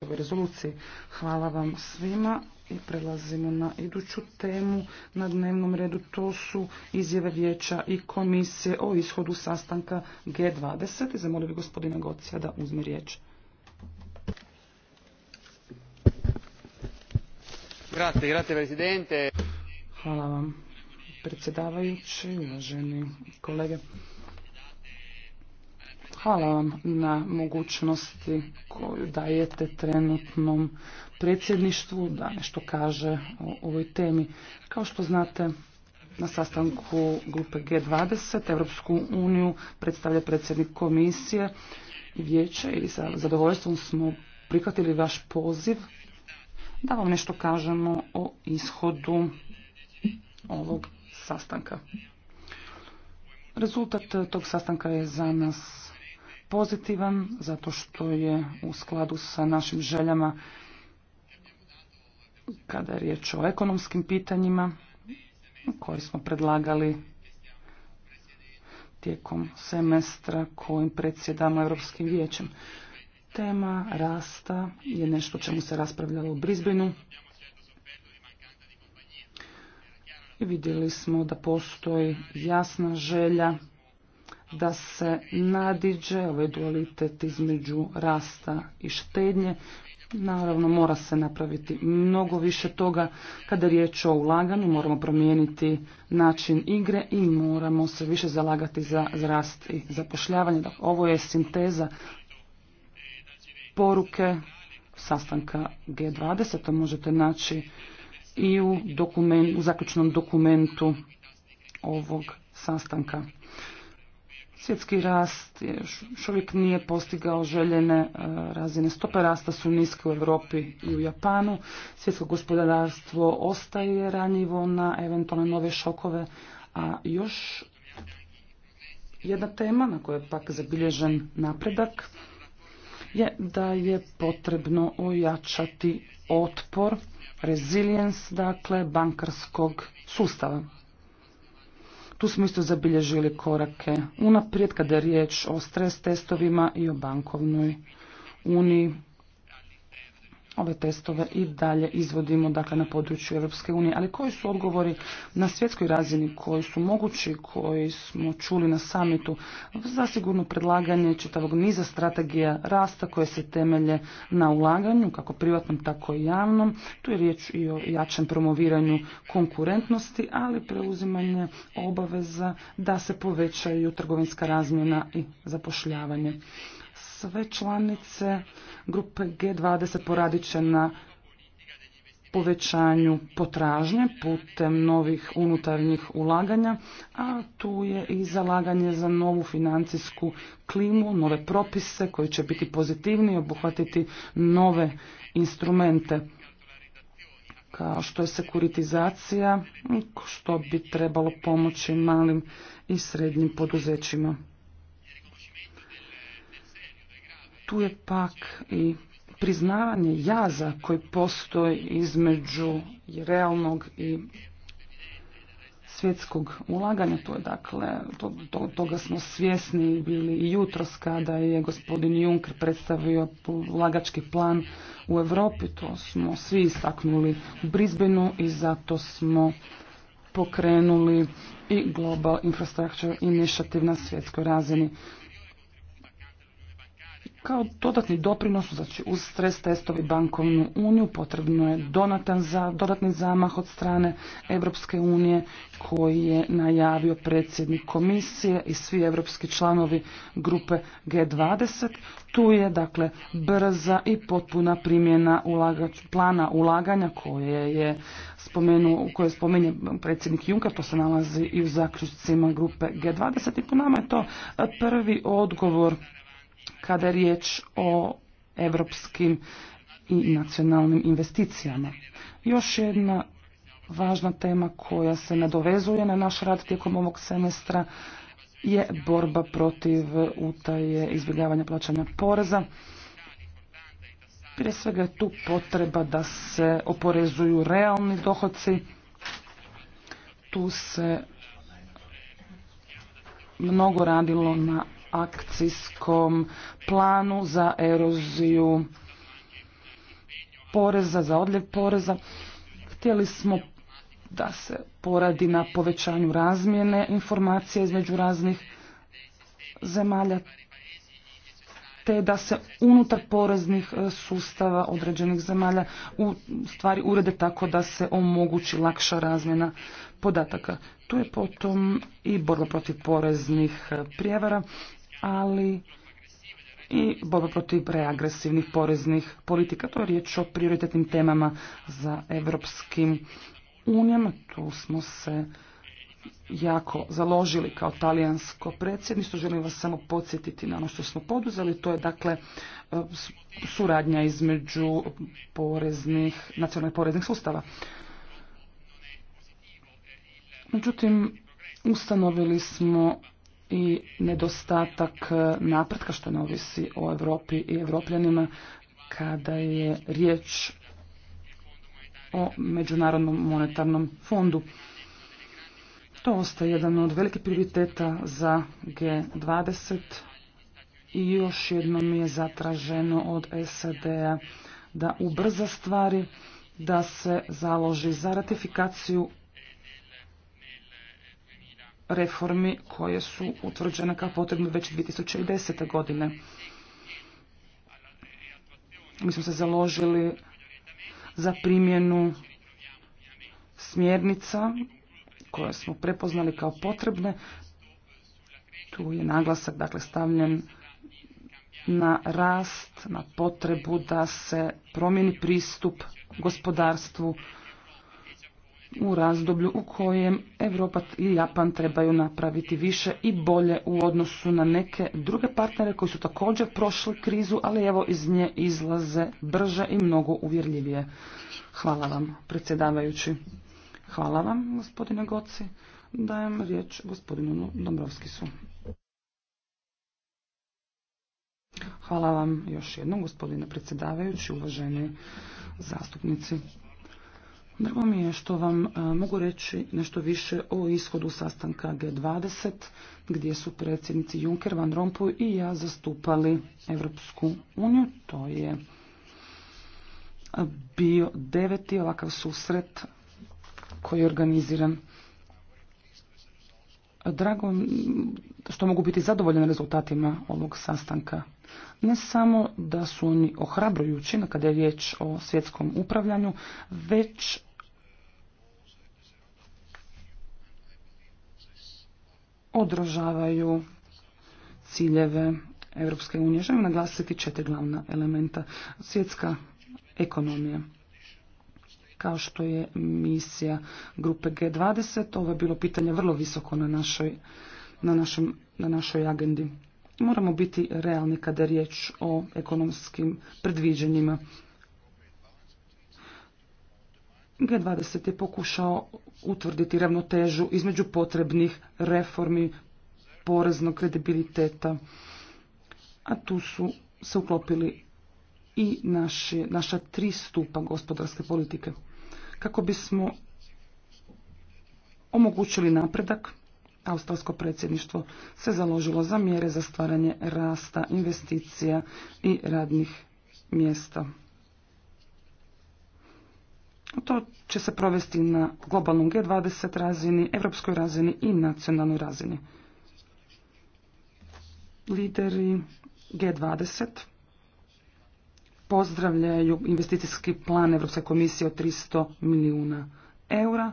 rezoluciji. Hvala vam svima i prelazimo na iduću temu na dnevnom redu. To su izjave vijeća i komisije o ishodu sastanka G20. I zamolio bi gospodina Gocija da uzme riječ. Grazie, grazie presidente. Hvala vam predsjedavajući, uvaženi kolege. Hvala vam na mogućnosti koju dajete trenutnom predsjedništvu da nešto kaže o ovoj temi. Kao što znate, na sastanku grupe G20 Europsku uniju predstavlja predsjednik komisije i vijeće i sa zadovoljstvom smo prihvatili vaš poziv da vam nešto kažemo o ishodu ovog sastanka. Rezultat tog sastanka je za nas pozitivan zato što je u skladu sa našim željama kada je riječ o ekonomskim pitanjima koje smo predlagali tijekom semestra kojim predsjedamo Europskim vijećem. Tema rasta je nešto čemu se raspravljalo u Brisbaneu. I vidjeli smo da postoji jasna želja da se nadiđe ovaj dualitet između rasta i štednje. Naravno, mora se napraviti mnogo više toga. Kada je riječ o ulaganju, moramo promijeniti način igre i moramo se više zalagati za rast i zapošljavanje. Dakle, ovo je sinteza poruke sastanka G20. To možete naći i u, u zaključnom dokumentu ovog sastanka. Svjetski rast još uvijek nije postigao željene e, razine. Stope rasta su niske u Europi i u Japanu. Svjetsko gospodarstvo ostaje ranjivo na eventualne nove šokove. A još jedna tema na kojoj je pak zabilježen napredak je da je potrebno ojačati otpor, rezilijens, dakle, bankarskog sustava. Tu smo isto zabilježili korake unaprijed kada je riječ o stres testovima i o bankovnoj uniji ove testove i dalje izvodimo dakle, na području Europske unije. Ali koji su odgovori na svjetskoj razini, koji su mogući, koji smo čuli na samitu? Zasigurno predlaganje čitavog niza strategija rasta koje se temelje na ulaganju, kako privatnom, tako i javnom. Tu je riječ i o jačem promoviranju konkurentnosti, ali preuzimanje obaveza da se povećaju trgovinska razmjena i zapošljavanje sve članice grupe G20 poradit će na povećanju potražnje putem novih unutarnjih ulaganja, a tu je i zalaganje za novu financijsku klimu, nove propise koji će biti pozitivni i obuhvatiti nove instrumente kao što je sekuritizacija, što bi trebalo pomoći malim i srednjim poduzećima. Tu je pak i priznavanje jaza koji postoji između realnog i svjetskog ulaganja. To je dakle, to, toga smo svjesni bili i jutros kada je gospodin Juncker predstavio ulagački plan u Europi. To smo svi istaknuli u Brisbaneu i zato smo pokrenuli i Global Infrastructure Initiative na svjetskoj razini. Kao dodatni doprinos, znači uz stres testovi bankovnu uniju, potrebno je donatan za, dodatni zamah od strane Europske unije koji je najavio predsjednik komisije i svi europski članovi grupe G20. Tu je dakle brza i potpuna primjena ulagač, plana ulaganja koje je spomenu, koje spominje predsjednik Juncker, to se nalazi i u zaključcima grupe G20 i po nama je to prvi odgovor kada je riječ o europskim i nacionalnim investicijama. Još jedna važna tema koja se nadovezuje na naš rad tijekom ovog semestra je borba protiv utaje izbjegavanja plaćanja poreza. Prije svega je tu potreba da se oporezuju realni dohodci. Tu se mnogo radilo na akcijskom planu za eroziju poreza, za odljev poreza. Htjeli smo da se poradi na povećanju razmjene informacija između raznih zemalja te da se unutar poreznih e, sustava određenih zemalja u stvari urede tako da se omogući lakša razmjena podataka. Tu je potom i borba protiv poreznih e, prijevara, ali i borba protiv reagresivnih poreznih politika. To je riječ o prioritetnim temama za Evropskim unijama. Tu smo se jako založili kao talijansko predsjedništvo. Želim vas samo podsjetiti na ono što smo poduzeli. To je dakle e, suradnja između poreznih, nacionalnih poreznih sustava. Međutim, ustanovili smo i nedostatak napretka što ne ovisi o Europi i Evropljanima kada je riječ o Međunarodnom monetarnom fondu. To ostaje jedan od velikih prioriteta za G20 i još jednom je zatraženo od SAD-a da ubrza stvari, da se založi za ratifikaciju reformi koje su utvrđene kao potrebne već 2010. godine. Mi smo se založili za primjenu smjernica koje smo prepoznali kao potrebne. Tu je naglasak dakle, stavljen na rast, na potrebu da se promijeni pristup gospodarstvu u razdoblju u kojem Europa i Japan trebaju napraviti više i bolje u odnosu na neke druge partnere koji su također prošli krizu, ali evo iz nje izlaze brže i mnogo uvjerljivije. Hvala vam, predsjedavajući. Hvala vam, gospodine Goci. Dajem riječ gospodinu Dombrovskisu. Hvala vam još jednom, gospodine predsjedavajući, uvaženi zastupnici. Drago mi je što vam e, mogu reći nešto više o ishodu sastanka G20, gdje su predsjednici Juncker, Van Rompuy i ja zastupali Evropsku uniju. To je bio deveti ovakav susret koji je organiziran. Drago što mogu biti zadovoljan rezultatima ovog sastanka. Ne samo da su oni ohrabrujući kada je riječ o svjetskom upravljanju, već odražavaju ciljeve Europske unije. Želim naglasiti četiri glavna elementa. Svjetska ekonomija kao što je misija grupe G20. Ovo je bilo pitanje vrlo visoko na našoj, na našem, na našoj agendi. Moramo biti realni kada je riječ o ekonomskim predviđanjima. G20 je pokušao utvrditi ravnotežu između potrebnih reformi poreznog kredibiliteta, a tu su se uklopili i naše, naša tri stupa gospodarske politike. Kako bismo omogućili napredak, Australsko predsjedništvo se založilo za mjere za stvaranje rasta, investicija i radnih mjesta. To će se provesti na globalnom G20 razini, evropskoj razini i nacionalnoj razini. Lideri G20 pozdravljaju investicijski plan Europske komisije od 300 milijuna eura.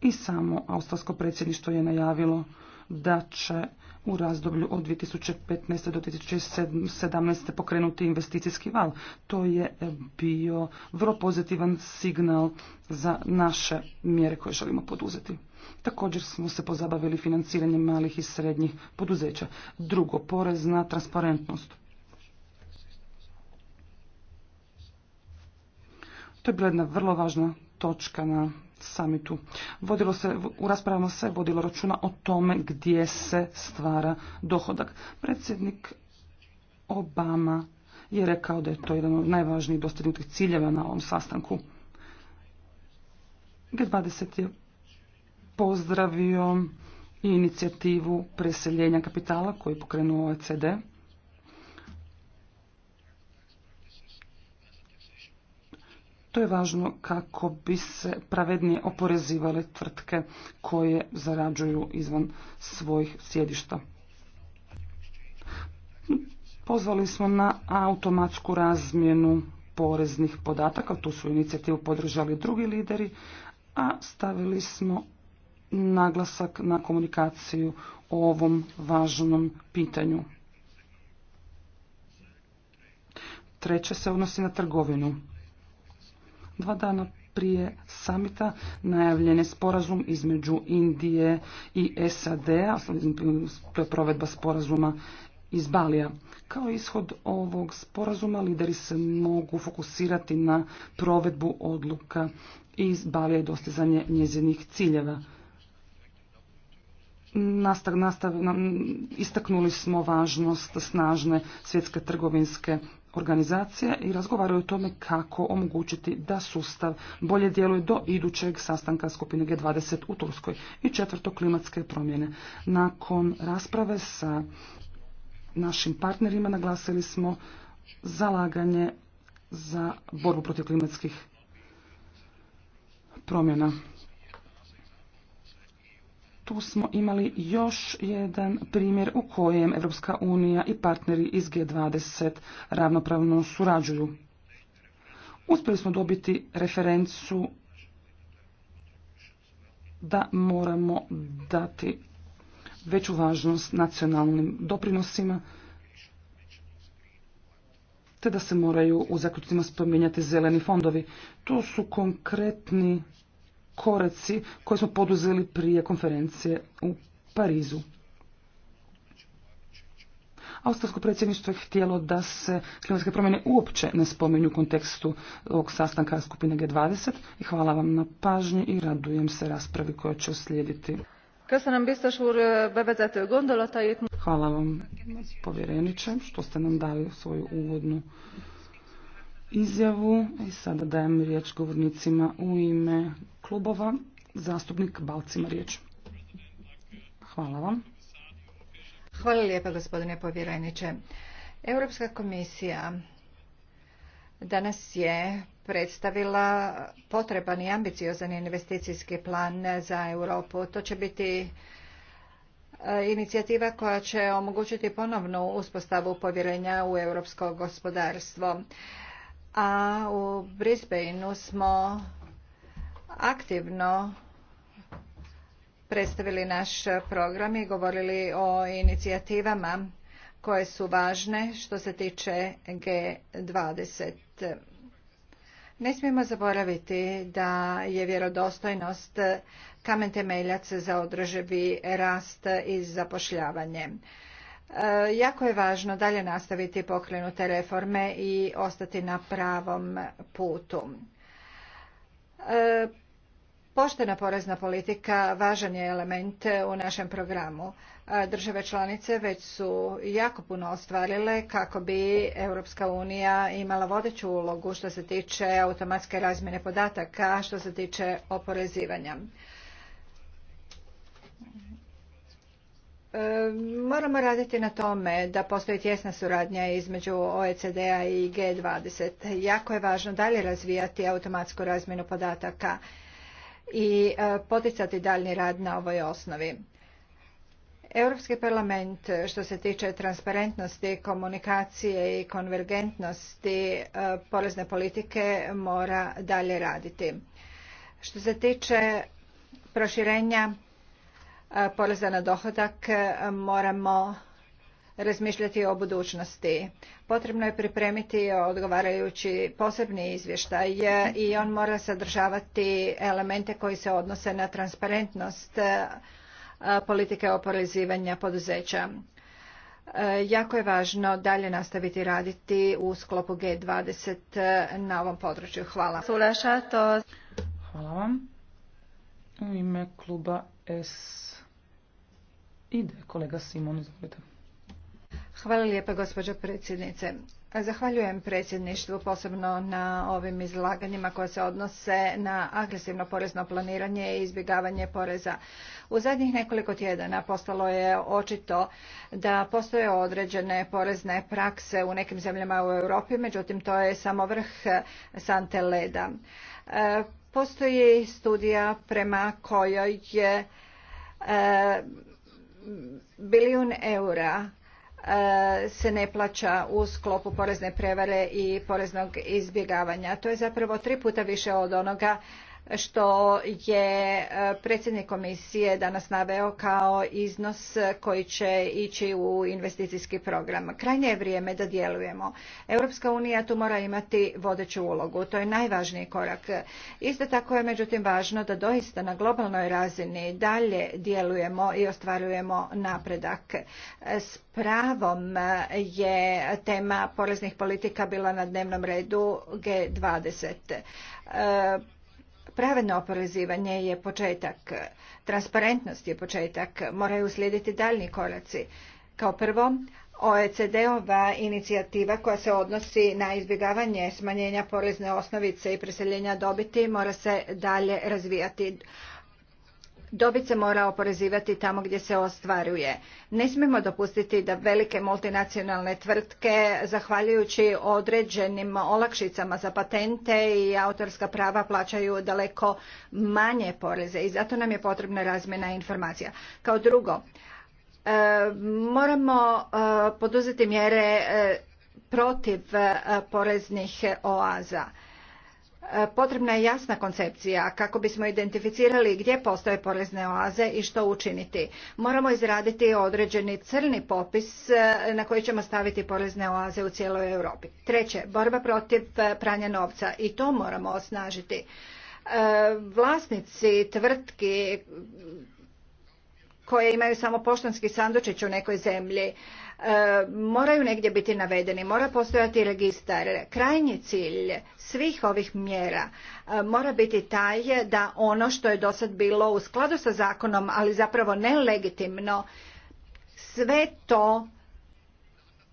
I samo australsko predsjedništvo je najavilo da će u razdoblju od 2015. do 2017. pokrenuti investicijski val. To je bio vrlo pozitivan signal za naše mjere koje želimo poduzeti. Također smo se pozabavili financiranjem malih i srednjih poduzeća. Drugo, porez na transparentnost. To je bila jedna vrlo važna točka na samitu. Vodilo se, u raspravama se vodilo računa o tome gdje se stvara dohodak. Predsjednik Obama je rekao da je to jedan od najvažnijih dostignutih ciljeva na ovom sastanku. G20 je pozdravio i inicijativu preseljenja kapitala koji je pokrenuo OECD. To je važno kako bi se pravednije oporezivale tvrtke koje zarađuju izvan svojih sjedišta. Pozvali smo na automatsku razmjenu poreznih podataka, tu su inicijativu podržali drugi lideri, a stavili smo naglasak na komunikaciju o ovom važnom pitanju. Treće se odnosi na trgovinu. Dva dana prije samita najavljen je sporazum između Indije i SAD-a, to je provedba sporazuma iz Balija. Kao ishod ovog sporazuma lideri se mogu fokusirati na provedbu odluka iz Balija i dostizanje njezinih ciljeva. Nastav, nastav, istaknuli smo važnost snažne svjetske trgovinske organizacije i razgovaraju o tome kako omogućiti da sustav bolje djeluje do idućeg sastanka skupine G20 u Turskoj i četvrto klimatske promjene. Nakon rasprave sa našim partnerima naglasili smo zalaganje za borbu protiv klimatskih promjena tu smo imali još jedan primjer u kojem Europska unija i partneri iz G20 ravnopravno surađuju. Uspjeli smo dobiti referencu da moramo dati veću važnost nacionalnim doprinosima, te da se moraju u zaključcima spominjati zeleni fondovi. To su konkretni koraci koje smo poduzeli prije konferencije u Parizu. Australsko predsjedništvo je htjelo da se klimatske promjene uopće ne spominju u kontekstu ovog sastanka skupine G20 i hvala vam na pažnji i radujem se raspravi koja će oslijediti. Hvala vam povjereniče što ste nam dali svoju uvodnu izjavu i e, sada dajem riječ govornicima u ime klubova. Zastupnik Balcima riječ. Hvala vam. Hvala lijepa gospodine povjereniče. Europska komisija danas je predstavila potreban i ambiciozan investicijski plan za Europu. To će biti e, inicijativa koja će omogućiti ponovnu uspostavu povjerenja u europsko gospodarstvo a u Brisbaneu smo aktivno predstavili naš program i govorili o inicijativama koje su važne što se tiče G20. Ne smijemo zaboraviti da je vjerodostojnost kamen temeljac za održivi rast i zapošljavanje. E, jako je važno dalje nastaviti pokrenute reforme i ostati na pravom putu. E, poštena porezna politika važan je element u našem programu. E, države članice već su jako puno ostvarile kako bi Europska unija imala vodeću ulogu što se tiče automatske razmjene podataka, što se tiče oporezivanja. E, moramo raditi na tome da postoji tjesna suradnja između OECD-a i G20. Jako je važno dalje razvijati automatsku razmjenu podataka i e, poticati daljni rad na ovoj osnovi. Europski parlament što se tiče transparentnosti, komunikacije i konvergentnosti e, porezne politike mora dalje raditi. Što se tiče proširenja poreza na dohodak e, moramo razmišljati o budućnosti. Potrebno je pripremiti odgovarajući posebni izvještaj e, i on mora sadržavati elemente koji se odnose na transparentnost e, politike oporezivanja poduzeća. Jako je važno dalje nastaviti raditi u sklopu G20 na ovom području. Hvala. Hvala vam. U ime kluba S Ide kolega Simon, izvolite. Hvala lijepa gospođo predsjednice. Zahvaljujem predsjedništvu posebno na ovim izlaganjima koja se odnose na agresivno porezno planiranje i izbjegavanje poreza. U zadnjih nekoliko tjedana postalo je očito da postoje određene porezne prakse u nekim zemljama u Europi, međutim to je samo vrh sante leda. Postoji studija prema kojoj je e, bilijun eura e, se ne plaća u sklopu porezne prevare i poreznog izbjegavanja. To je zapravo tri puta više od onoga što je e, predsjednik komisije danas naveo kao iznos koji će ići u investicijski program. Krajnje je vrijeme da djelujemo. Europska unija tu mora imati vodeću ulogu. To je najvažniji korak. Isto tako je međutim važno da doista na globalnoj razini dalje djelujemo i ostvarujemo napredak. S pravom je tema poreznih politika bila na dnevnom redu G20 Pravedno oporezivanje je početak, transparentnost je početak, moraju slijediti daljni koraci. Kao prvo, OECD-ova inicijativa koja se odnosi na izbjegavanje smanjenja porezne osnovice i preseljenja dobiti mora se dalje razvijati. Dobit se mora oporezivati tamo gdje se ostvaruje. Ne smijemo dopustiti da velike multinacionalne tvrtke, zahvaljujući određenim olakšicama za patente i autorska prava, plaćaju daleko manje poreze i zato nam je potrebna razmjena informacija. Kao drugo, e, moramo e, poduzeti mjere e, protiv poreznih oaza. E, potrebna je jasna koncepcija kako bismo identificirali gdje postoje porezne oaze i što učiniti. Moramo izraditi određeni crni popis e, na koji ćemo staviti porezne oaze u cijeloj Europi. Treće, borba protiv e, pranja novca i to moramo osnažiti. Vlasnici tvrtki koje imaju samo poštanski sandučić u nekoj zemlji moraju negdje biti navedeni, mora postojati registar. Krajnji cilj svih ovih mjera e, mora biti taj da ono što je do sad bilo u skladu sa zakonom, ali zapravo nelegitimno, sve to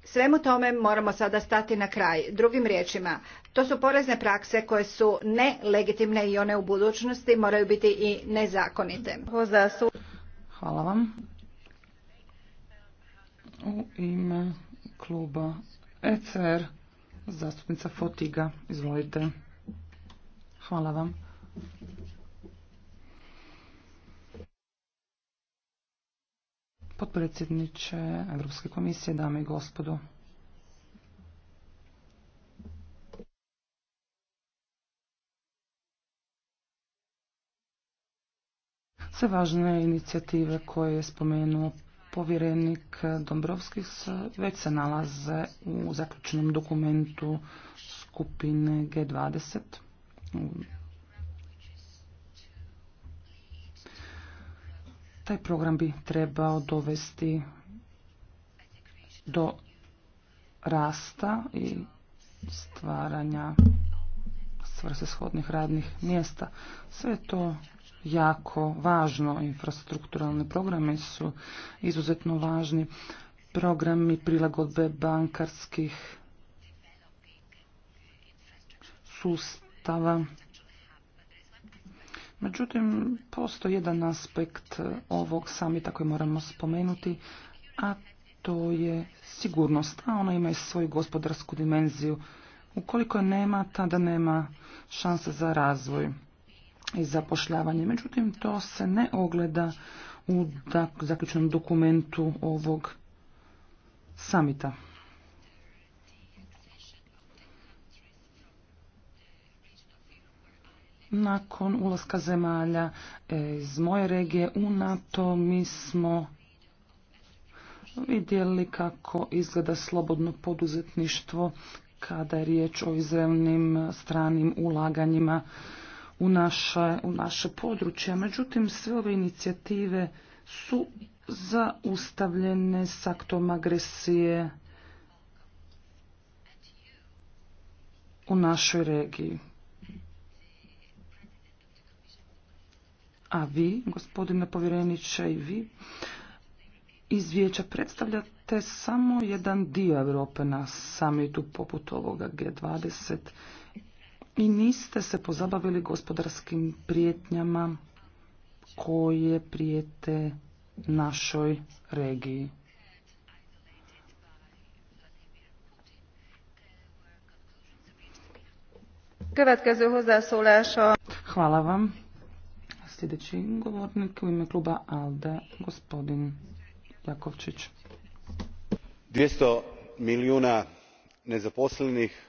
Svemu tome moramo sada stati na kraj. Drugim riječima, to su porezne prakse koje su nelegitimne i one u budućnosti moraju biti i nezakonite. Hvala vam. U ime kluba ECR, zastupnica Fotiga, izvolite. Hvala vam. Potpredsjedniče Europske komisije, dame i gospodo. Sve važne inicijative koje je spomenuo povjerenik Dombrovskih već se nalaze u zaključenom dokumentu skupine G20. Taj program bi trebao dovesti do rasta i stvaranja svrsishodnih radnih mjesta. Sve to jako važno. Infrastrukturalni programe su izuzetno važni. Programi prilagodbe bankarskih sustava. Međutim, postoji jedan aspekt ovog samita koji moramo spomenuti, a to je sigurnost, a ona ima i svoju gospodarsku dimenziju. Ukoliko je nema, tada nema šanse za razvoj i zapošljavanje. Međutim, to se ne ogleda u zaključenom dokumentu ovog samita. Nakon ulaska zemalja e, iz moje regije u NATO mi smo vidjeli kako izgleda slobodno poduzetništvo kada je riječ o izravnim stranim ulaganjima u naše, u naše područje. Međutim, sve ove inicijative su zaustavljene s aktom agresije u našoj regiji. A vi, gospodine povjereniče, i vi iz predstavljate samo jedan dio Europe na samitu poput ovoga G20 i niste se pozabavili gospodarskim prijetnjama koje prijete našoj regiji. Hvala vam. Sljedeći govornik u ime kluba ALDE, gospodin Jakovčić. 200 milijuna nezaposlenih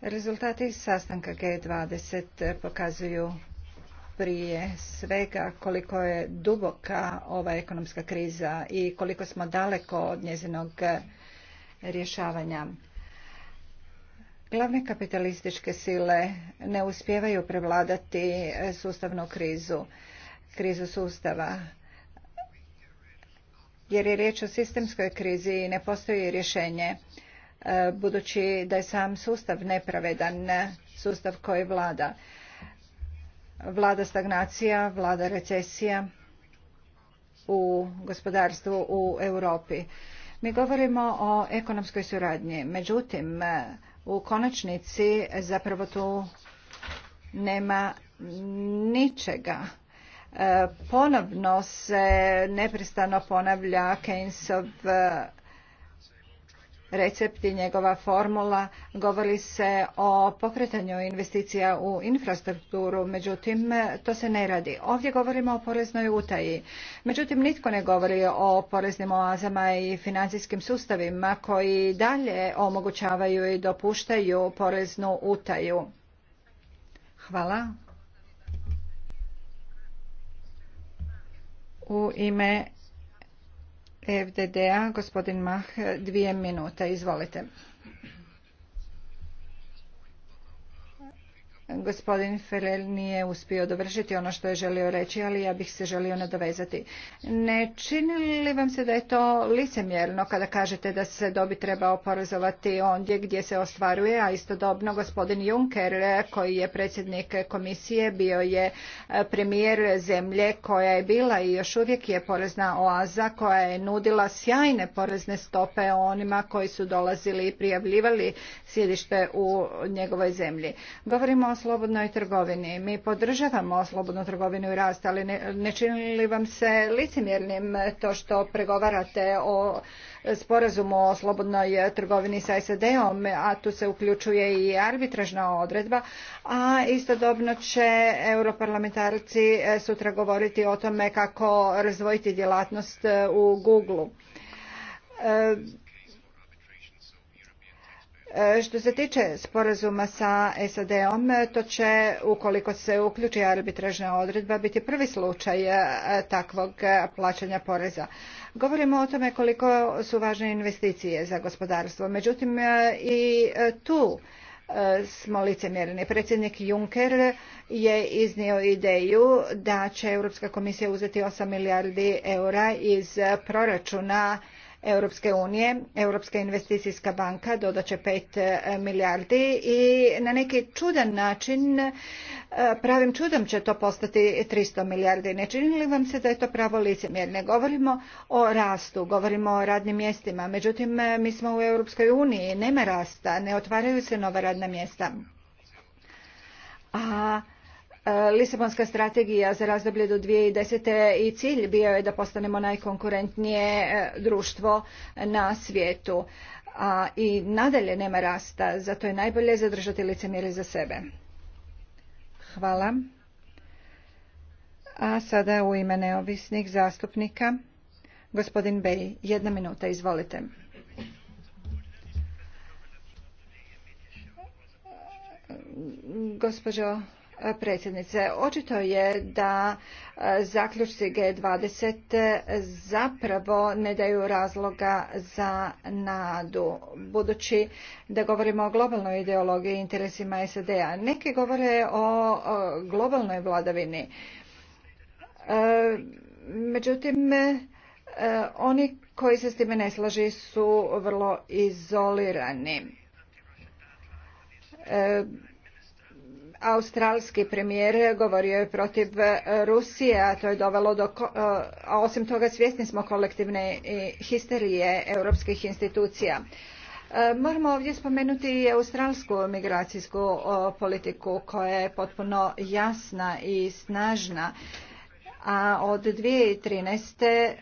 Rezultati sastanka G20 pokazuju prije svega koliko je duboka ova ekonomska kriza i koliko smo daleko od njezinog rješavanja. Glavne kapitalističke sile ne uspijevaju prevladati sustavnu krizu, krizu sustava, jer je riječ o sistemskoj krizi i ne postoji rješenje E, budući da je sam sustav nepravedan, sustav koji vlada. Vlada stagnacija, vlada recesija u gospodarstvu u Europi. Mi govorimo o ekonomskoj suradnji, međutim u konačnici zapravo tu nema ničega. E, ponovno se neprestano ponavlja Keynesov recept i njegova formula govori se o pokretanju investicija u infrastrukturu, međutim to se ne radi. Ovdje govorimo o poreznoj utaji. Međutim, nitko ne govori o poreznim oazama i financijskim sustavima koji dalje omogućavaju i dopuštaju poreznu utaju. Hvala. U ime FDD-a, gospodin Mach, dvije minute. Izvolite. Gospodin Ferrer nije uspio dovršiti ono što je želio reći, ali ja bih se želio nadovezati. Ne čini li vam se da je to licemjerno kada kažete da se dobi treba oporezovati ondje gdje se ostvaruje, a istodobno gospodin Juncker, koji je predsjednik komisije, bio je e, premijer zemlje koja je bila i još uvijek je porezna oaza, koja je nudila sjajne porezne stope onima koji su dolazili i prijavljivali sjedište u njegovoj zemlji. Govorimo o slobodnoj trgovini. Mi podržavamo slobodnu trgovinu i rast, ali ne, čini li vam se licimjernim to što pregovarate o sporazumu o slobodnoj trgovini sa SAD-om, a tu se uključuje i arbitražna odredba, a istodobno će europarlamentarci sutra govoriti o tome kako razvojiti djelatnost u Google. E, što se tiče sporazuma sa SAD-om, to će, ukoliko se uključi arbitražna odredba, biti prvi slučaj e, takvog e, plaćanja poreza. Govorimo o tome koliko su važne investicije za gospodarstvo. Međutim, i tu smo licemjerni. Predsjednik Juncker je iznio ideju da će Europska komisija uzeti 8 milijardi eura iz proračuna Europske unije. Europska investicijska banka dodaće 5 e, milijardi i na neki čudan način, e, pravim čudom će to postati 300 milijardi. Ne čini li vam se da je to pravo licemjerje Ne govorimo o rastu, govorimo o radnim mjestima. Međutim, e, mi smo u Europskoj uniji, nema rasta, ne otvaraju se nova radna mjesta. A E, Lisabonska strategija za razdoblje do 2010. i cilj bio je da postanemo najkonkurentnije e, društvo na svijetu. A i nadalje nema rasta, zato je najbolje zadržati licemjere za sebe. Hvala. A sada u ime neovisnih zastupnika, gospodin bey jedna minuta, izvolite. Gospođo E, predsjednice. Očito je da e, zaključci G20 zapravo ne daju razloga za nadu, budući da govorimo o globalnoj ideologiji i interesima SAD-a. Neki govore o globalnoj vladavini. E, međutim, oni koji se s time ne slaži su vrlo izolirani australski premijer govorio je protiv e, Rusije, a to je dovelo do... E, a osim toga svjesni smo kolektivne histerije europskih institucija. E, moramo ovdje spomenuti i australsku migracijsku politiku koja je potpuno jasna i snažna. A od 2013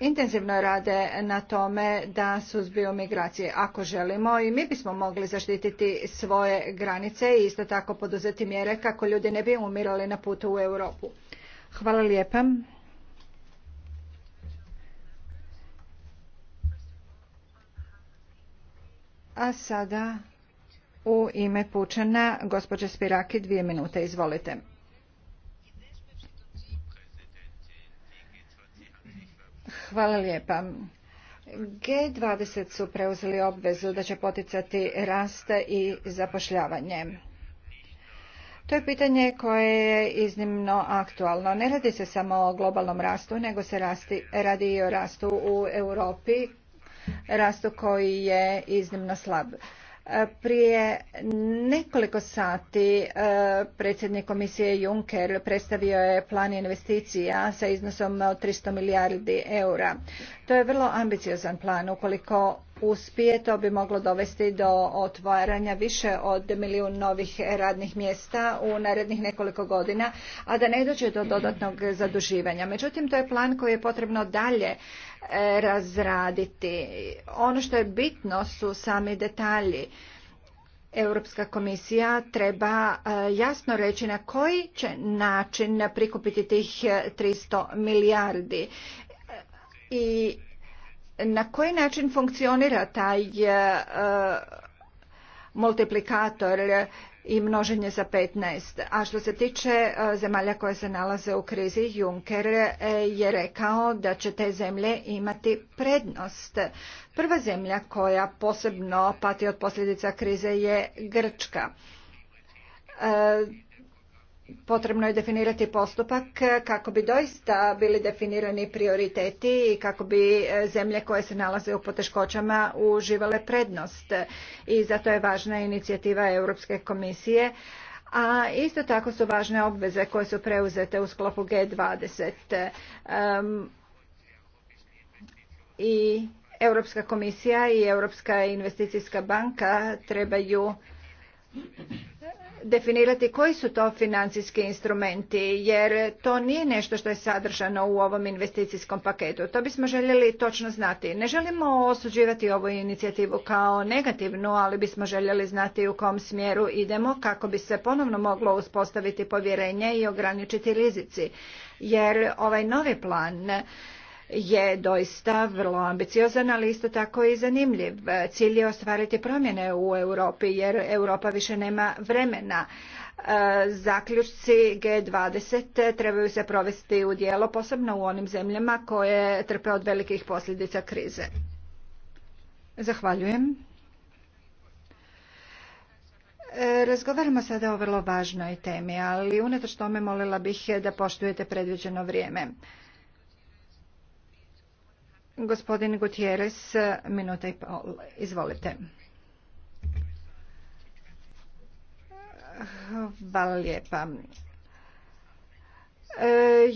intenzivno rade na tome da suzbiju migracije. Ako želimo i mi bismo mogli zaštititi svoje granice i isto tako poduzeti mjere kako ljudi ne bi umirali na putu u Europu. Hvala lijepa. A sada u ime Pučana, gospođa Spiraki, dvije minute, izvolite. Hvala lijepa. G20 su preuzeli obvezu da će poticati rast i zapošljavanje. To je pitanje koje je iznimno aktualno. Ne radi se samo o globalnom rastu, nego se rasti, radi i o rastu u Europi, rastu koji je iznimno slab. Prije nekoliko sati e, predsjednik komisije Juncker predstavio je plan investicija sa iznosom od 300 milijardi eura. To je vrlo ambiciozan plan. Ukoliko uspije, to bi moglo dovesti do otvaranja više od milijun novih radnih mjesta u narednih nekoliko godina, a da ne dođe do dodatnog zaduživanja. Međutim, to je plan koji je potrebno dalje E, razraditi. Ono što je bitno su sami detalji. Europska komisija treba e, jasno reći na koji će način prikupiti tih 300 e, milijardi i na koji način funkcionira taj multiplikator i množenje za 15. A što se tiče e, zemalja koje se nalaze u krizi, Juncker e, je rekao da će te zemlje imati prednost. Prva zemlja koja posebno pati od posljedica krize je Grčka. E, potrebno je definirati postupak kako bi doista bili definirani prioriteti i kako bi e, zemlje koje se nalaze u poteškoćama uživale prednost i zato je važna inicijativa Europske komisije a isto tako su važne obveze koje su preuzete u sklopu G20 i Europska komisija i Europska investicijska banka trebaju definirati koji su to financijski instrumenti jer to nije nešto što je sadržano u ovom investicijskom paketu. To bismo željeli točno znati. Ne želimo osuđivati ovu inicijativu kao negativnu, ali bismo željeli znati u kom smjeru idemo kako bi se ponovno moglo uspostaviti povjerenje i ograničiti rizici. Jer ovaj novi plan je doista vrlo ambiciozan, ali isto tako i zanimljiv. Cilj je ostvariti promjene u Europi jer Europa više nema vremena. E, zaključci G20 trebaju se provesti u dijelo, posebno u onim zemljama koje trpe od velikih posljedica krize. Zahvaljujem. E, razgovaramo sada o vrlo važnoj temi, ali unatoč tome molila bih da poštujete predviđeno vrijeme. Gospodin Gutierrez, minuta i Izvolite. Hvala lijepa. E,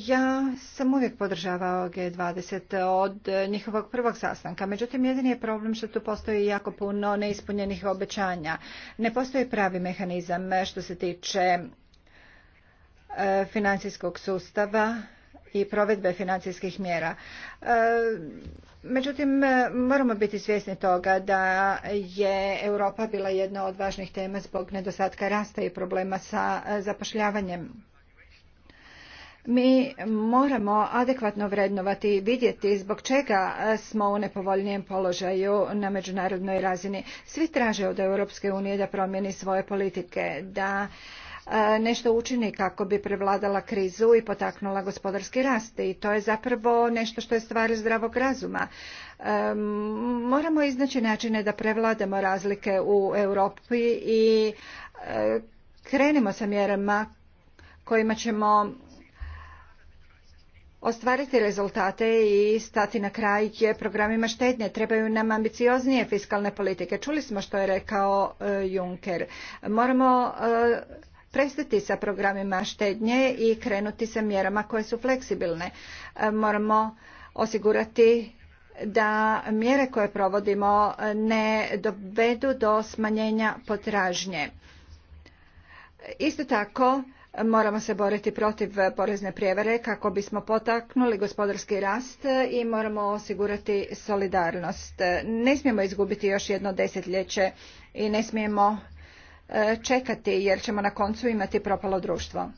ja sam uvijek podržavao G20 od njihovog prvog sastanka. Međutim, jedini je problem što tu postoji jako puno neispunjenih obećanja. Ne postoji pravi mehanizam što se tiče e, financijskog sustava i provedbe financijskih mjera. E, međutim, e, moramo biti svjesni toga da je Europa bila jedna od važnih tema zbog nedostatka rasta i problema sa e, zapošljavanjem. Mi moramo adekvatno vrednovati i vidjeti zbog čega smo u nepovoljnijem položaju na međunarodnoj razini. Svi traže od Europske unije da promijeni svoje politike, da E, nešto učini kako bi prevladala krizu i potaknula gospodarski rast i to je zapravo nešto što je stvar zdravog razuma. E, moramo iznaći načine da prevladamo razlike u Europi i e, krenimo sa mjerama kojima ćemo ostvariti rezultate i stati na kraj je programima štednje. Trebaju nam ambicioznije fiskalne politike. Čuli smo što je rekao Juncker. Moramo prestati sa programima štednje i krenuti sa mjerama koje su fleksibilne. E, moramo osigurati da mjere koje provodimo ne dovedu do smanjenja potražnje. Isto tako, moramo se boriti protiv porezne prijevare kako bismo potaknuli gospodarski rast i moramo osigurati solidarnost. Ne smijemo izgubiti još jedno desetljeće i ne smijemo E, čekati jer ćemo na koncu imati propalo društvo.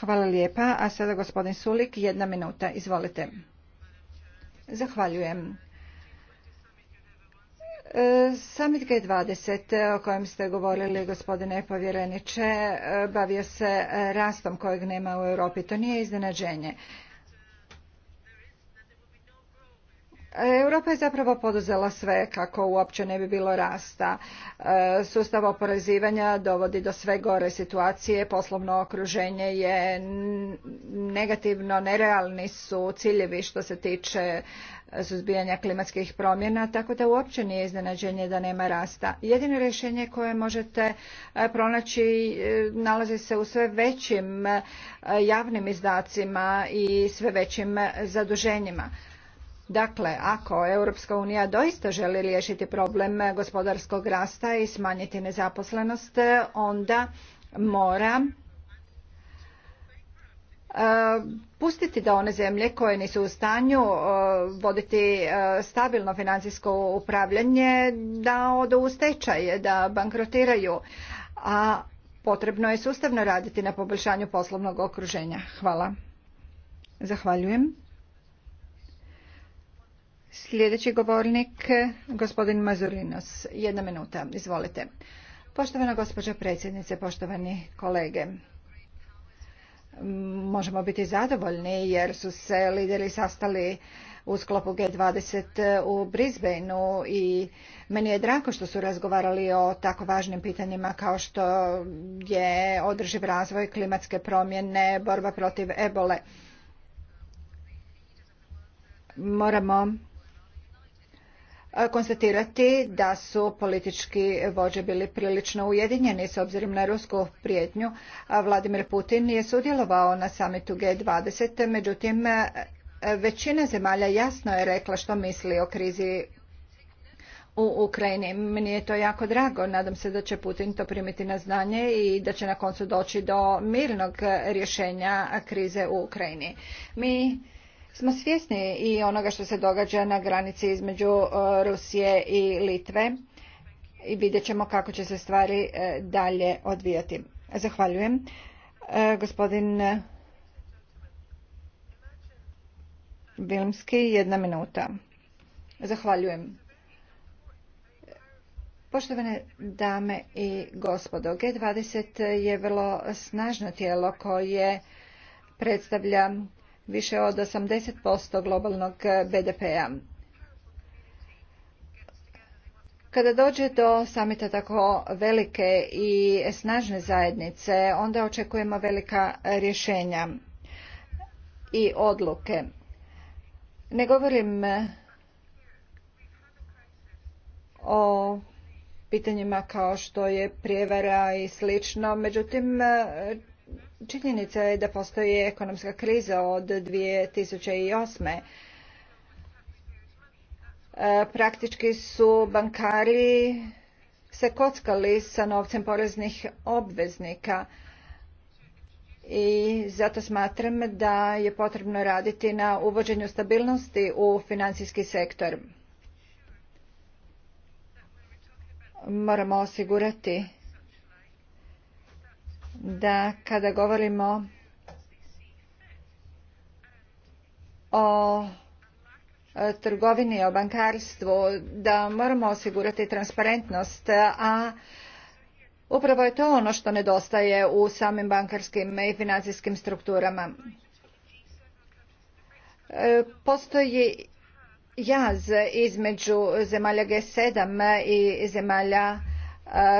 Hvala lijepa. A sada gospodin Sulik, jedna minuta. Izvolite. Zahvaljujem. E, Summit G20 o kojem ste govorili gospodine povjereniče e, bavio se rastom kojeg nema u Europi. To nije iznenađenje. Europa je zapravo poduzela sve kako uopće ne bi bilo rasta. E, sustav oporezivanja dovodi do sve gore situacije, poslovno okruženje je negativno, nerealni su ciljevi što se tiče suzbijanja klimatskih promjena, tako da uopće nije iznenađenje da nema rasta. Jedino rješenje koje možete e, pronaći e, nalazi se u sve većim javnim izdacima i sve većim zaduženjima. Dakle, ako Europska unija doista želi riješiti problem gospodarskog rasta i smanjiti nezaposlenost, onda mora e, pustiti da one zemlje koje nisu u stanju e, voditi e, stabilno financijsko upravljanje da odu u stečaj, da bankrotiraju, a potrebno je sustavno raditi na poboljšanju poslovnog okruženja. Hvala. Zahvaljujem. Sljedeći govornik, gospodin Mazurinos. Jedna minuta, izvolite. Poštovana gospođo predsjednice, poštovani kolege. Možemo biti zadovoljni jer su se lideri sastali u sklopu G20 u Brisbaneu i meni je drago što su razgovarali o tako važnim pitanjima kao što je održiv razvoj, klimatske promjene, borba protiv ebole. Moramo E, konstatirati da su politički vođe bili prilično ujedinjeni s obzirom na rusku prijetnju. Vladimir Putin je sudjelovao na samitu G20, međutim e, većina zemalja jasno je rekla što misli o krizi u Ukrajini. Meni je to jako drago. Nadam se da će Putin to primiti na znanje i da će na koncu doći do mirnog rješenja krize u Ukrajini. Mi smo svjesni i onoga što se događa na granici između e, Rusije i Litve i vidjet ćemo kako će se stvari e, dalje odvijati. Zahvaljujem. E, gospodin Vilmski, jedna minuta. Zahvaljujem. Poštovane dame i gospodo, G20 je vrlo snažno tijelo koje predstavlja više od 80% globalnog eh, BDP-a. Kada dođe do samita tako velike i snažne zajednice, onda očekujemo velika rješenja i odluke. Ne govorim eh, o pitanjima kao što je prijevara i slično, međutim eh, Činjenica je da postoji ekonomska kriza od 2008. E, praktički su bankari se kockali sa novcem poreznih obveznika i zato smatram da je potrebno raditi na uvođenju stabilnosti u financijski sektor. Moramo osigurati da kada govorimo o e, trgovini, o bankarstvu, da moramo osigurati transparentnost, a upravo je to ono što nedostaje u samim bankarskim i financijskim strukturama. E, postoji jaz između zemalja G7 i zemalja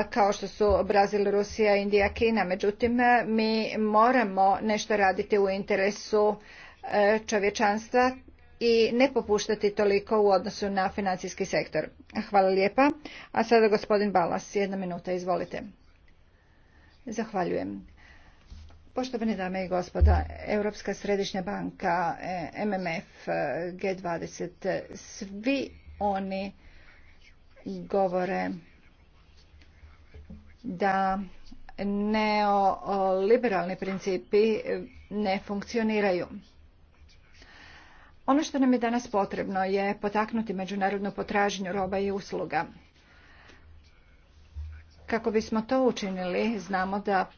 kao što su Brazil, Rusija, Indija, Kina. Međutim, mi moramo nešto raditi u interesu čovječanstva i ne popuštati toliko u odnosu na financijski sektor. Hvala lijepa. A sada gospodin Balas, jedna minuta, izvolite. Zahvaljujem. Poštovane dame i gospoda, Europska središnja banka, e, MMF, e, G20, svi oni govore da neoliberalni principi ne funkcioniraju. Ono što nam je danas potrebno je potaknuti međunarodnu potražnju roba i usluga. Kako bismo to učinili, znamo da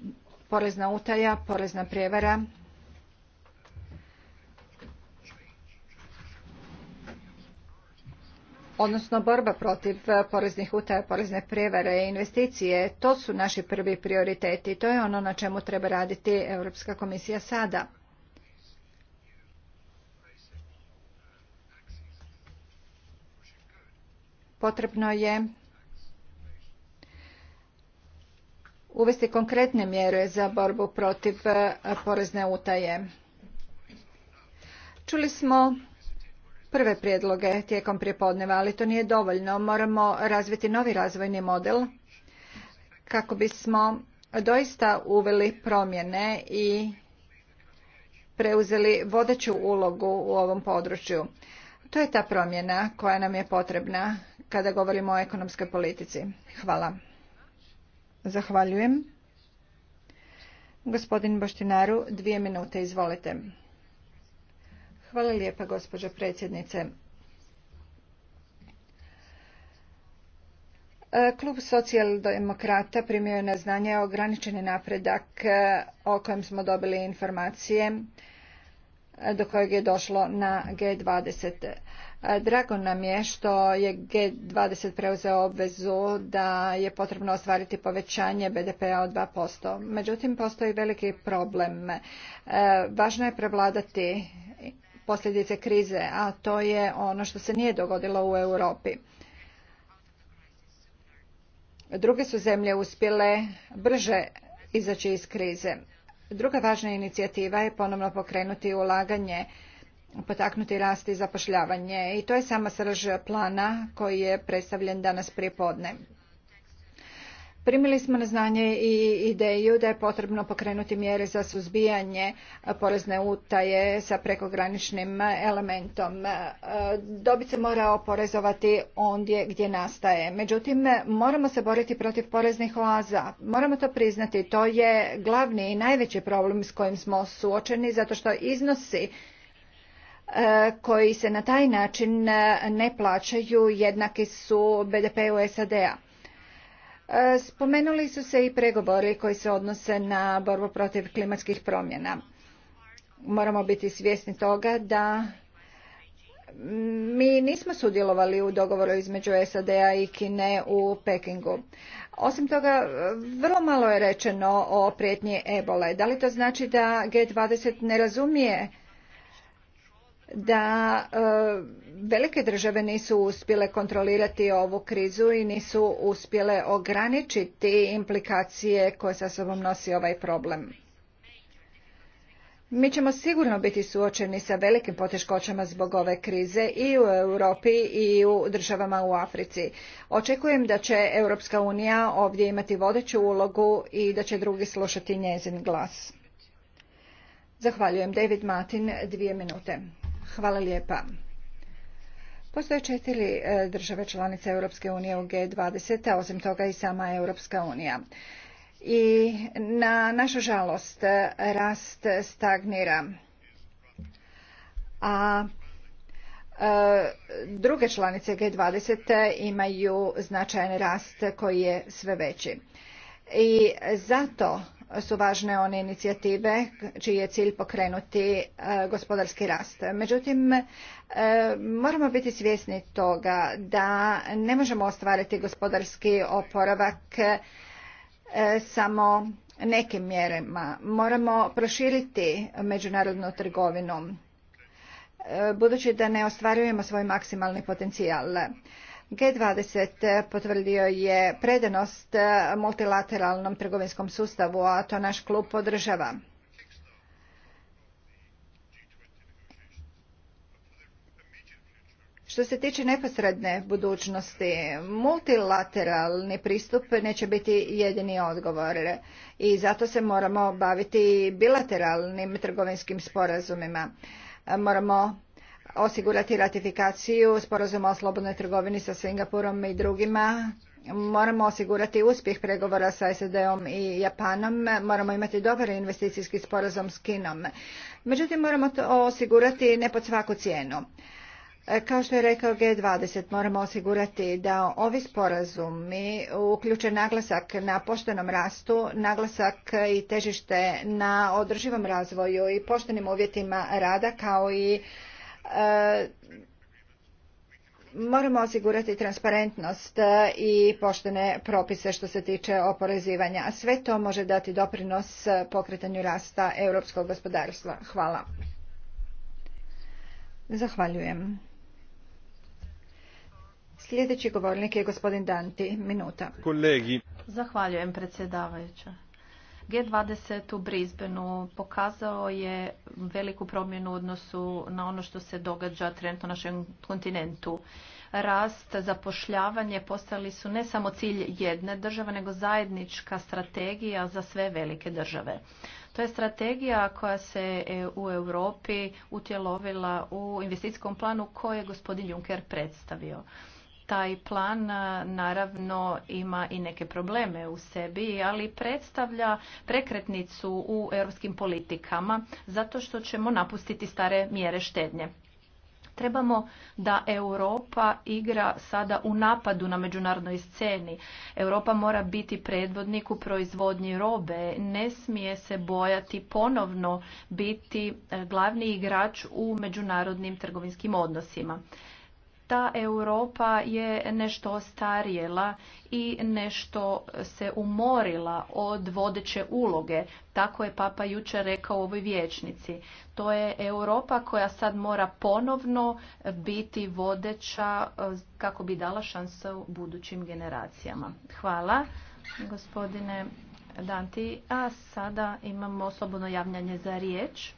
porezna utaja, porezna prijevara odnosno borba protiv e, poreznih utaja, porezne prijevare i investicije. To su naši prvi prioriteti. To je ono na čemu treba raditi Europska komisija sada. Potrebno je uvesti konkretne mjere za borbu protiv e, porezne utaje. Čuli smo prve prijedloge tijekom prijepodneva, ali to nije dovoljno. Moramo razviti novi razvojni model kako bismo doista uveli promjene i preuzeli vodeću ulogu u ovom području. To je ta promjena koja nam je potrebna kada govorimo o ekonomskoj politici. Hvala. Zahvaljujem. Gospodin Boštinaru, dvije minute, izvolite. Hvala lijepa, gospođo predsjednice. E, Klub socijaldemokrata primio je na znanje ograničeni napredak e, o kojem smo dobili informacije e, do kojeg je došlo na G20. Drago nam je što je G20 preuzeo obvezu da je potrebno ostvariti povećanje BDP-a od 2%. Međutim, postoji veliki problem. Važno je prevladati posljedice krize, a to je ono što se nije dogodilo u Europi. Druge su zemlje uspjele brže izaći iz krize. Druga važna inicijativa je ponovno pokrenuti ulaganje, potaknuti rast i zapošljavanje i to je sama srž plana koji je predstavljen danas prije Primili smo na znanje i ideju da je potrebno pokrenuti mjere za suzbijanje porezne utaje sa prekograničnim elementom. E, dobit se mora oporezovati ondje gdje nastaje. Međutim, moramo se boriti protiv poreznih oaza. Moramo to priznati. To je glavni i najveći problem s kojim smo suočeni zato što iznosi e, koji se na taj način e, ne plaćaju jednaki su BDP-u SAD-a. Spomenuli su se i pregovori koji se odnose na borbu protiv klimatskih promjena. Moramo biti svjesni toga da mi nismo sudjelovali u dogovoru između SAD-a i Kine u Pekingu. Osim toga, vrlo malo je rečeno o prijetnji ebole. Da li to znači da G20 ne razumije da e, velike države nisu uspjele kontrolirati ovu krizu i nisu uspjele ograničiti implikacije koje sa sobom nosi ovaj problem. Mi ćemo sigurno biti suočeni sa velikim poteškoćama zbog ove krize i u Europi i u državama u Africi. Očekujem da će Europska unija ovdje imati vodeću ulogu i da će drugi slušati njezin glas. Zahvaljujem. David Martin, dvije minute. Hvala lijepa. Postoje četiri e, države članice Europske unije u G20, a osim toga i sama Europska unija. I na našu žalost rast stagnira. A e, druge članice G20 imaju značajan rast koji je sve veći. I zato su važne one inicijative čiji je cilj pokrenuti e, gospodarski rast. Međutim, e, moramo biti svjesni toga da ne možemo ostvariti gospodarski oporavak e, samo nekim mjerama. Moramo proširiti međunarodnu trgovinu budući da ne ostvarujemo svoj maksimalni potencijal. G20 potvrdio je predanost multilateralnom trgovinskom sustavu, a to naš klub podržava. Što se tiče neposredne budućnosti, multilateralni pristup neće biti jedini odgovor i zato se moramo baviti bilateralnim trgovinskim sporazumima. Moramo osigurati ratifikaciju sporazuma o slobodnoj trgovini sa Singapurom i drugima. Moramo osigurati uspjeh pregovora sa SAD-om i Japanom, moramo imati dobar investicijski sporazum s Kinom. Međutim, moramo to osigurati ne pod svaku cijenu. E, kao što je rekao G20, moramo osigurati da ovi sporazumi uključe naglasak na poštenom rastu, naglasak i težište na održivom razvoju i poštenim uvjetima rada kao i E, moramo osigurati transparentnost i poštene propise što se tiče oporezivanja. A sve to može dati doprinos pokretanju rasta europskog gospodarstva. Hvala. Zahvaljujem. Sljedeći govornik je gospodin Danti. Minuta. Zahvaljujem predsjedavajuća. G20 u Brisbaneu pokazao je veliku promjenu u odnosu na ono što se događa trenutno na našem kontinentu. Rast, zapošljavanje postali su ne samo cilj jedne države, nego zajednička strategija za sve velike države. To je strategija koja se u Europi utjelovila u investicijskom planu koje je gospodin Juncker predstavio taj plan naravno ima i neke probleme u sebi, ali predstavlja prekretnicu u europskim politikama zato što ćemo napustiti stare mjere štednje. Trebamo da Europa igra sada u napadu na međunarodnoj sceni. Europa mora biti predvodnik u proizvodnji robe, ne smije se bojati ponovno biti e, glavni igrač u međunarodnim trgovinskim odnosima ta Europa je nešto ostarijela i nešto se umorila od vodeće uloge. Tako je Papa jučer rekao u ovoj vječnici. To je Europa koja sad mora ponovno biti vodeća kako bi dala šansu budućim generacijama. Hvala gospodine Danti. A sada imamo slobodno javljanje za riječ.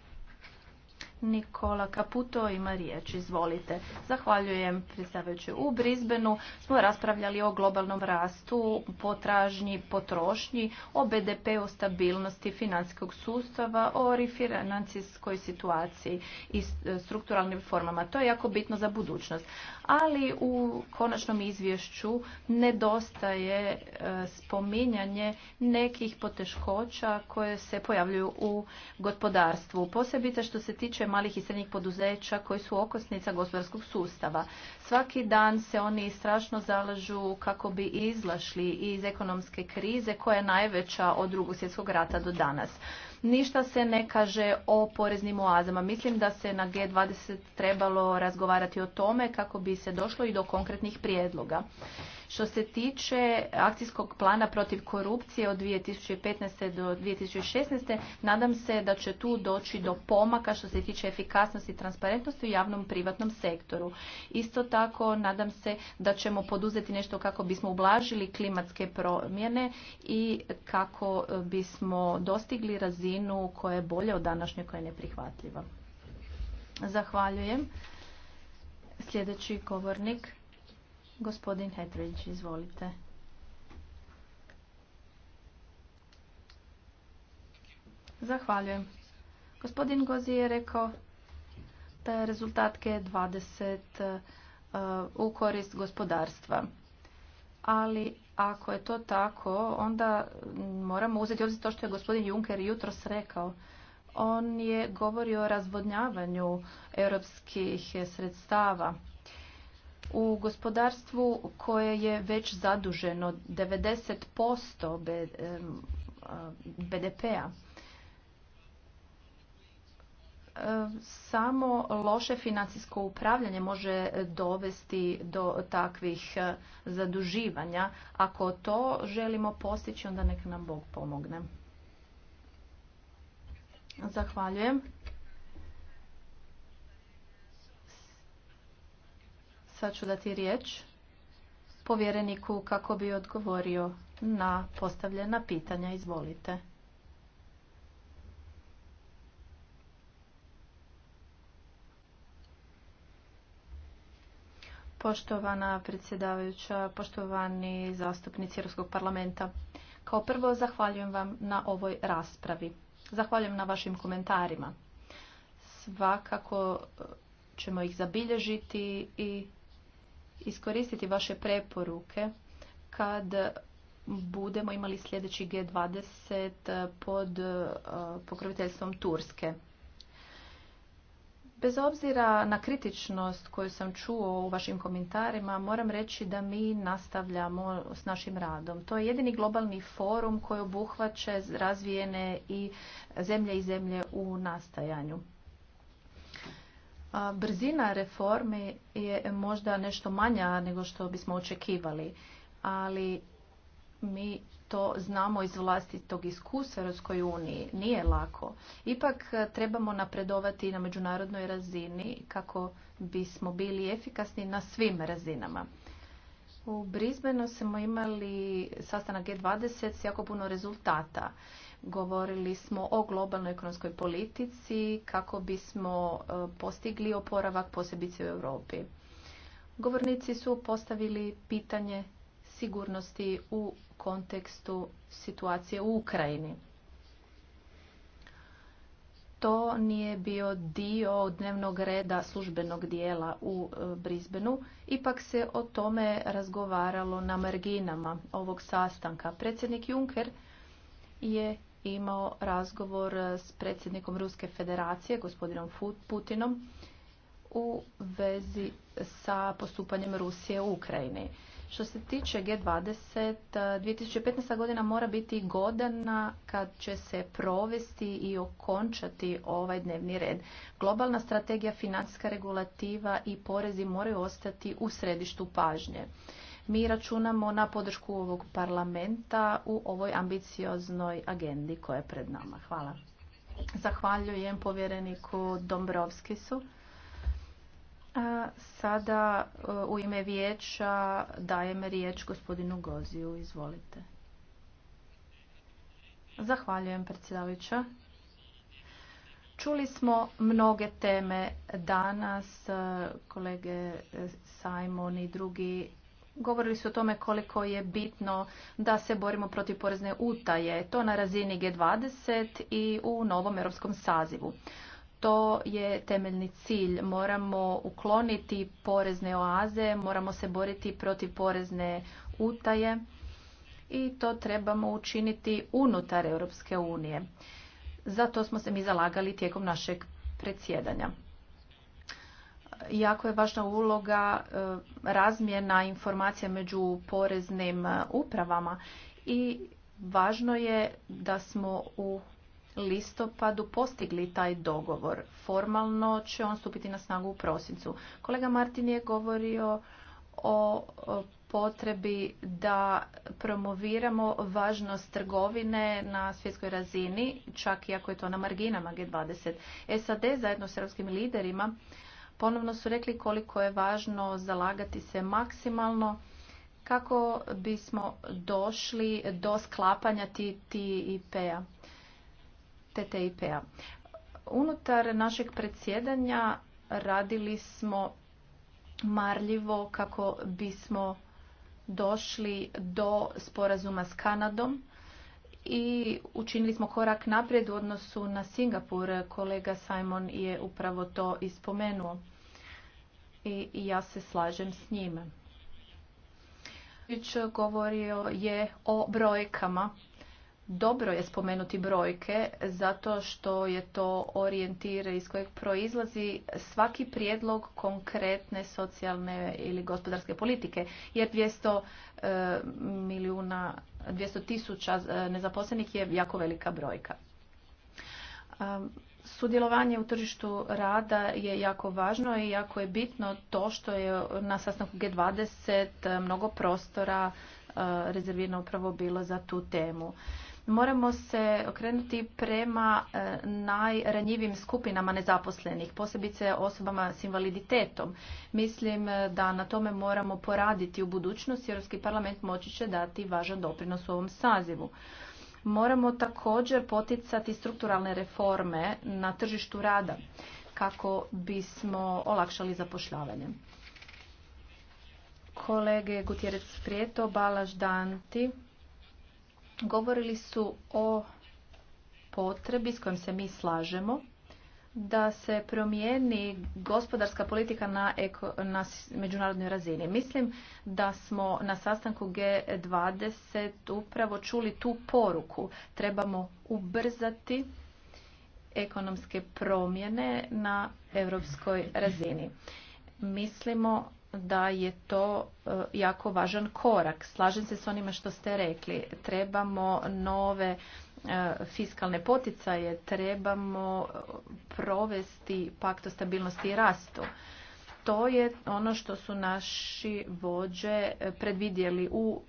Nikola Kaputo ima riječ, izvolite. Zahvaljujem predstavajući u Brisbaneu. Smo raspravljali o globalnom rastu, potražnji, potrošnji, o BDP, o stabilnosti financijskog sustava, o refinancijskoj situaciji i e, strukturalnim formama. To je jako bitno za budućnost. Ali u konačnom izvješću nedostaje e, spominjanje nekih poteškoća koje se pojavljuju u gospodarstvu. Posebice što se tiče malih i srednjih poduzeća koji su okosnica gospodarskog sustava. Svaki dan se oni strašno zalažu kako bi izlašli iz ekonomske krize koja je najveća od drugog svjetskog rata do danas. Ništa se ne kaže o poreznim oazama. Mislim da se na G20 trebalo razgovarati o tome kako bi se došlo i do konkretnih prijedloga. Što se tiče akcijskog plana protiv korupcije od 2015. do 2016. nadam se da će tu doći do pomaka što se tiče efikasnosti i transparentnosti u javnom privatnom sektoru. Isto tako nadam se da ćemo poduzeti nešto kako bismo ublažili klimatske promjene i kako bismo dostigli razinu koja je bolja od današnje koja je neprihvatljiva. Zahvaljujem. Sljedeći govornik Gospodin Hetrić, izvolite. Zahvaljujem. Gospodin Gozi je rekao da je rezultat je 20 u korist gospodarstva. Ali ako je to tako, onda moramo uzeti obzir to što je gospodin Juncker jutros rekao. On je govorio o razvodnjavanju europskih sredstava u gospodarstvu koje je već zaduženo 90% BDP-a. E, samo loše financijsko upravljanje može dovesti do takvih e, zaduživanja. Ako to želimo postići, onda neka nam Bog pomogne. Zahvaljujem. Sad ću dati riječ povjereniku kako bi odgovorio na postavljena pitanja. Izvolite. Poštovana predsjedavajuća, poštovani zastupnici Europskog parlamenta. Kao prvo zahvaljujem vam na ovoj raspravi. Zahvaljujem na vašim komentarima. Svakako e, ćemo ih zabilježiti i iskoristiti vaše preporuke kad budemo imali sljedeći G20 pod e, pokroviteljstvom Turske. Bez obzira na kritičnost koju sam čuo u vašim komentarima, moram reći da mi nastavljamo s našim radom. To je jedini globalni forum koji obuhvaća razvijene i zemlje i zemlje u nastajanju brzina reforme je možda nešto manja nego što bismo očekivali, ali mi to znamo iz vlastitog iskustva Europskoj uniji. Nije lako. Ipak trebamo napredovati na međunarodnoj razini kako bismo bili efikasni na svim razinama. U Brisbaneu smo imali sastanak G20 s jako puno rezultata. Govorili smo o globalnoj ekonomskoj politici kako bismo e, postigli oporavak posebice u Europi. Govornici su postavili pitanje sigurnosti u kontekstu situacije u Ukrajini. To nije bio dio dnevnog reda službenog dijela u e, Brisbaneu, ipak se o tome razgovaralo na marginama ovog sastanka. Predsjednik Juncker je imao razgovor s predsjednikom Ruske federacije, gospodinom Putinom, u vezi sa postupanjem Rusije u Ukrajini. Što se tiče G20, 2015. godina mora biti godina kad će se provesti i okončati ovaj dnevni red. Globalna strategija, financijska regulativa i porezi moraju ostati u središtu pažnje. Mi računamo na podršku ovog parlamenta u ovoj ambicioznoj agendi koja je pred nama. Hvala. Zahvaljujem povjereniku Dombrovskisu. A sada e, u ime vijeća dajem riječ gospodinu Goziju. Izvolite. Zahvaljujem predsjedavajuća. Čuli smo mnoge teme danas, e, kolege e, Simon i drugi Govorili su o tome koliko je bitno da se borimo protiv porezne utaje, to na razini G20 i u novom europskom sazivu. To je temeljni cilj. Moramo ukloniti porezne oaze, moramo se boriti protiv porezne utaje i to trebamo učiniti unutar Europske unije. Za to smo se mi zalagali tijekom našeg predsjedanja jako je važna uloga e, razmjena informacija među poreznim e, upravama i važno je da smo u listopadu postigli taj dogovor. Formalno će on stupiti na snagu u prosincu. Kolega Martin je govorio o potrebi da promoviramo važnost trgovine na svjetskoj razini, čak i ako je to na marginama G20. SAD zajedno s europskim liderima ponovno su rekli koliko je važno zalagati se maksimalno kako bismo došli do sklapanja TTIP-a. ttip p-a. Unutar našeg predsjedanja radili smo marljivo kako bismo došli do sporazuma s Kanadom i učinili smo korak naprijed u odnosu na Singapur. Kolega Simon je upravo to ispomenuo i ja se slažem s njime. Govorio je o brojkama dobro je spomenuti brojke zato što je to orijentir iz kojeg proizlazi svaki prijedlog konkretne socijalne ili gospodarske politike jer 200 e, milijuna 200 tisuća e, nezaposlenih je jako velika brojka. Sudjelovanje u tržištu rada je jako važno i jako je bitno to što je na sastanku G20 e, mnogo prostora rezervirano upravo bilo za tu temu. Moramo se okrenuti prema e, najranjivim skupinama nezaposlenih, posebice osobama s invaliditetom. Mislim e, da na tome moramo poraditi u budućnosti. Europski parlament moći će dati važan doprinos u ovom sazivu. Moramo također poticati strukturalne reforme na tržištu rada kako bismo olakšali zapošljavanje. Kolege Gutjerec Prijeto, Balaš Danti, govorili su o potrebi s kojom se mi slažemo da se promijeni gospodarska politika na, eko, međunarodnoj razini. Mislim da smo na sastanku G20 upravo čuli tu poruku. Trebamo ubrzati ekonomske promjene na europskoj razini. Mislimo da je to e, jako važan korak. Slažem se s onima što ste rekli. Trebamo nove e, fiskalne poticaje, trebamo e, provesti pakt o stabilnosti i rastu. To je ono što su naši vođe predvidjeli u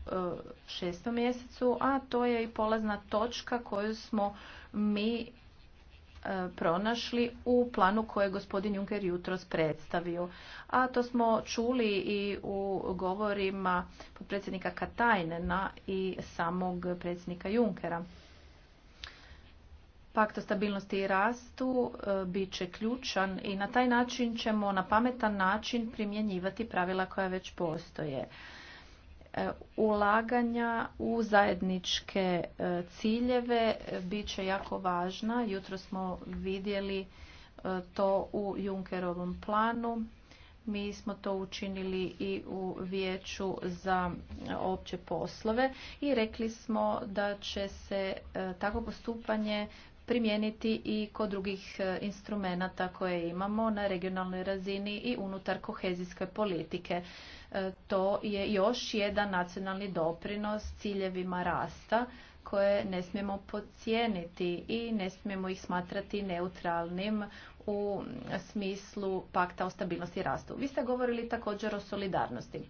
šestom mjesecu, a to je i polazna točka koju smo mi E, pronašli u planu koje je gospodin Juncker jutros predstavio. A to smo čuli i u govorima predsjednika Katajnena i samog predsjednika Junkera. Pakt o stabilnosti i rastu e, bit će ključan i na taj način ćemo na pametan način primjenjivati pravila koja već postoje. E, ulaganja u zajedničke e, ciljeve e, bit će jako važna. Jutro smo vidjeli to u Junkerovom planu. Mi smo to učinili i u vijeću za opće poslove i rekli smo da će se tako postupanje primijeniti i kod drugih instrumenata koje imamo na regionalnoj razini i unutar kohezijske politike. E, to je još jedan nacionalni doprinos ciljevima rasta koje ne smijemo podcijeniti i ne smijemo ih smatrati neutralnim u smislu pakta o stabilnosti i rastu. Vi ste govorili također o solidarnosti.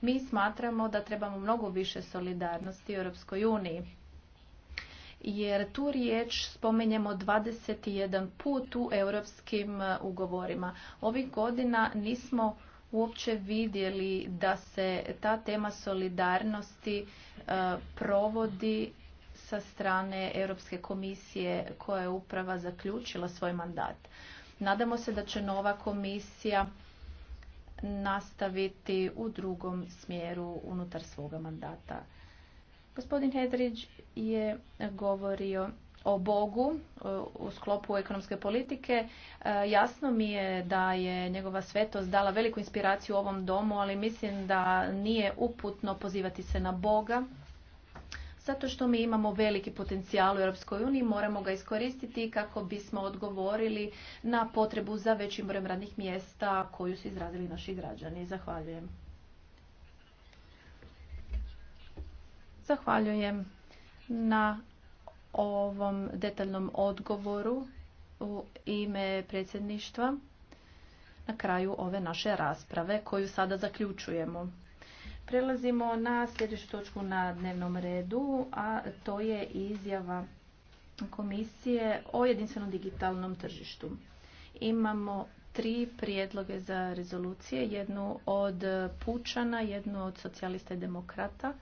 Mi smatramo da trebamo mnogo više solidarnosti u Europskoj uniji jer tu riječ spomenjemo 21 put u europskim ugovorima. Ovih godina nismo uopće vidjeli da se ta tema solidarnosti e, provodi sa strane Europske komisije koja je uprava zaključila svoj mandat. Nadamo se da će nova komisija nastaviti u drugom smjeru unutar svoga mandata. Gospodin Hedrić je govorio o Bogu e, u sklopu ekonomske politike. E, jasno mi je da je njegova svetost dala veliku inspiraciju u ovom domu, ali mislim da nije uputno pozivati se na Boga. Zato što mi imamo veliki potencijal u Europskoj uniji, moramo ga iskoristiti kako bismo odgovorili na potrebu za većim brojem radnih mjesta koju su izrazili naši građani. Zahvaljujem. Zahvaljujem na ovom detaljnom odgovoru u ime predsjedništva na kraju ove naše rasprave koju sada zaključujemo. Prelazimo na sljedeću točku na dnevnom redu, a to je izjava komisije o jedinstvenom digitalnom tržištu. Imamo tri prijedloge za rezolucije, jednu od pučana, jednu od socijalista i demokrata,